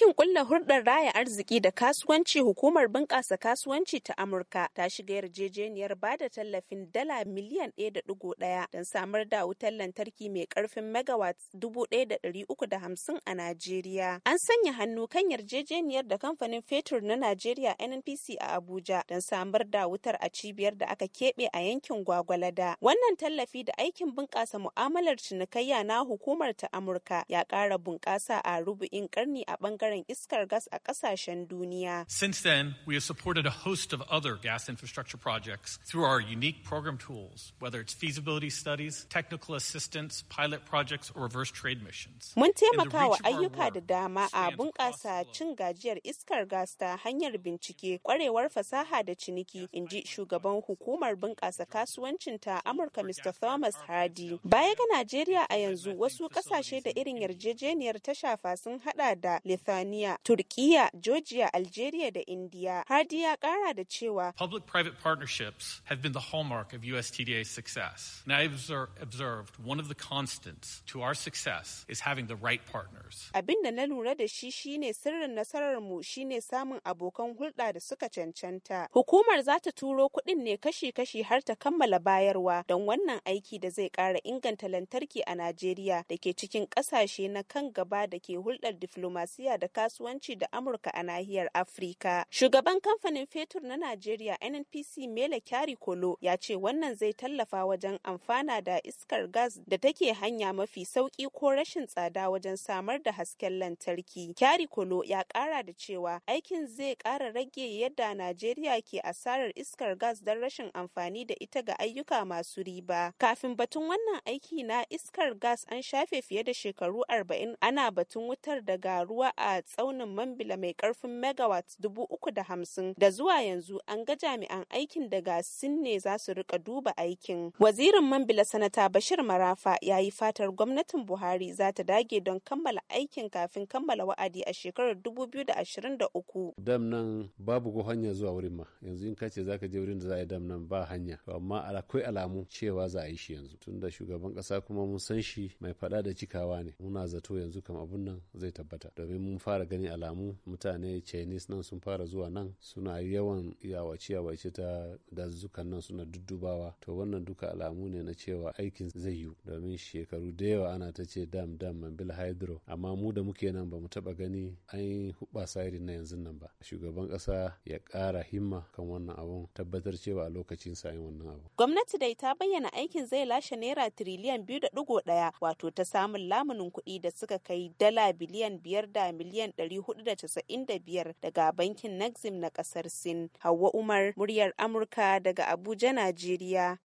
Aikin kulla hurɗar raya arziki da kasuwanci hukumar bunƙasa kasuwanci ta Amurka ta shiga yarjejeniyar ba da tallafin dala miliyan 1.1 don samar da wutar lantarki mai ƙarfin megawatts 1,350 a Najeriya. An sanya hannu kan yarjejeniyar da kamfanin fetur na Najeriya NNPC a Abuja don samar da wutar a cibiyar da aka keɓe a yankin Gwagwalada. Wannan tallafi da aikin bunƙasa mu'amalar cinikayya na hukumar ta Amurka ya ƙara bunƙasa a rubu'in ƙarni a ɓangaren ɓangaren iskar gas a ƙasashen duniya. Since then, we have supported a host of other gas infrastructure projects through our unique program tools, whether it's feasibility studies, technical assistance, pilot projects, or reverse trade missions. Mun taimaka wa ayyuka da dama a bunƙasa cin gajiyar iskar gas ta hanyar bincike, ƙwarewar fasaha da ciniki, inji shugaban hukumar bunƙasa kasuwancin ta Amurka Mr. Thomas Hardy. Baya ga Najeriya a yanzu wasu ƙasashe da irin yarjejeniyar ta shafa sun haɗa da Lithuania Tanzania, Turkiya, Georgia, Algeria da India. Hadi ya kara da cewa Public-private partnerships have been the hallmark of USTDA's success. And I observed one of the constants to our success is having the right partners. Abin da na lura da shi shine sirrin nasarar mu shine samun abokan hulɗa da suka cancanta. Hukumar za ta turo kuɗin ne kashi-kashi har ta kammala bayarwa don wannan aiki da zai ƙara inganta lantarki a Najeriya da ke cikin ƙasashe na kan gaba da ke hulɗar diflomasiya da kasuwanci da Amurka a nahiyar Afirka. Shugaban kamfanin fetur na Najeriya NNPC Mele Kyari Kolo ya ce wannan zai tallafa wajen amfana da iskar gas da take hanya mafi sauki ko rashin tsada wajen samar da hasken lantarki. Kyari Kolo ya kara da cewa aikin zai kara rage yadda Najeriya ke asarar iskar gas don rashin amfani da ita ga ayyuka masu riba. Kafin batun wannan aiki na iskar gas an shafe fiye da shekaru arba'in, ana batun wutar daga ruwa a a tsaunin Mambila mai karfin megawatt dubu uku da hamsin da zuwa yanzu an ga jami'an aikin daga sin ne za su rika duba aikin. Wazirin Mambila sanata Bashir Marafa ya yi fatar gwamnatin Buhari za ta dage don kammala aikin kafin kammala wa'adi a shekarar 2023. Dam nan babu ko hanya zuwa wurin ma yanzu in kace zaka je wurin da za a yi dam nan ba hanya amma akwai alamu cewa za a yi shi yanzu tunda shugaban kasa kuma mun san shi mai fada da cikawa ne muna zato yanzu kam abun nan zai tabbata domin mun fara gani alamu mutane chinese nan sun fara zuwa nan suna yawan yawace yawace ta dazukan nan suna duddubawa to wannan duka alamu ne na cewa aikin zai yiwu domin shekaru da yawa ana ta ce dam dam mambil hydro amma mu da muke nan ba mu taba gani an yi hubasa irin na yanzu nan ba shugaban kasa ya ƙara himma kan wannan abun tabbatar cewa a lokacin sa wannan abu gwamnati dai ta bayyana aikin zai lashe naira tiriliyan biyu da digo daya wato ta samun lamunin kuɗi da suka kai dala biliyan biyar da miliyan miliyan 495 daga bankin Nexim na kasar Sin. Hauwa Umar, muryar Amurka daga Abuja, Najeriya.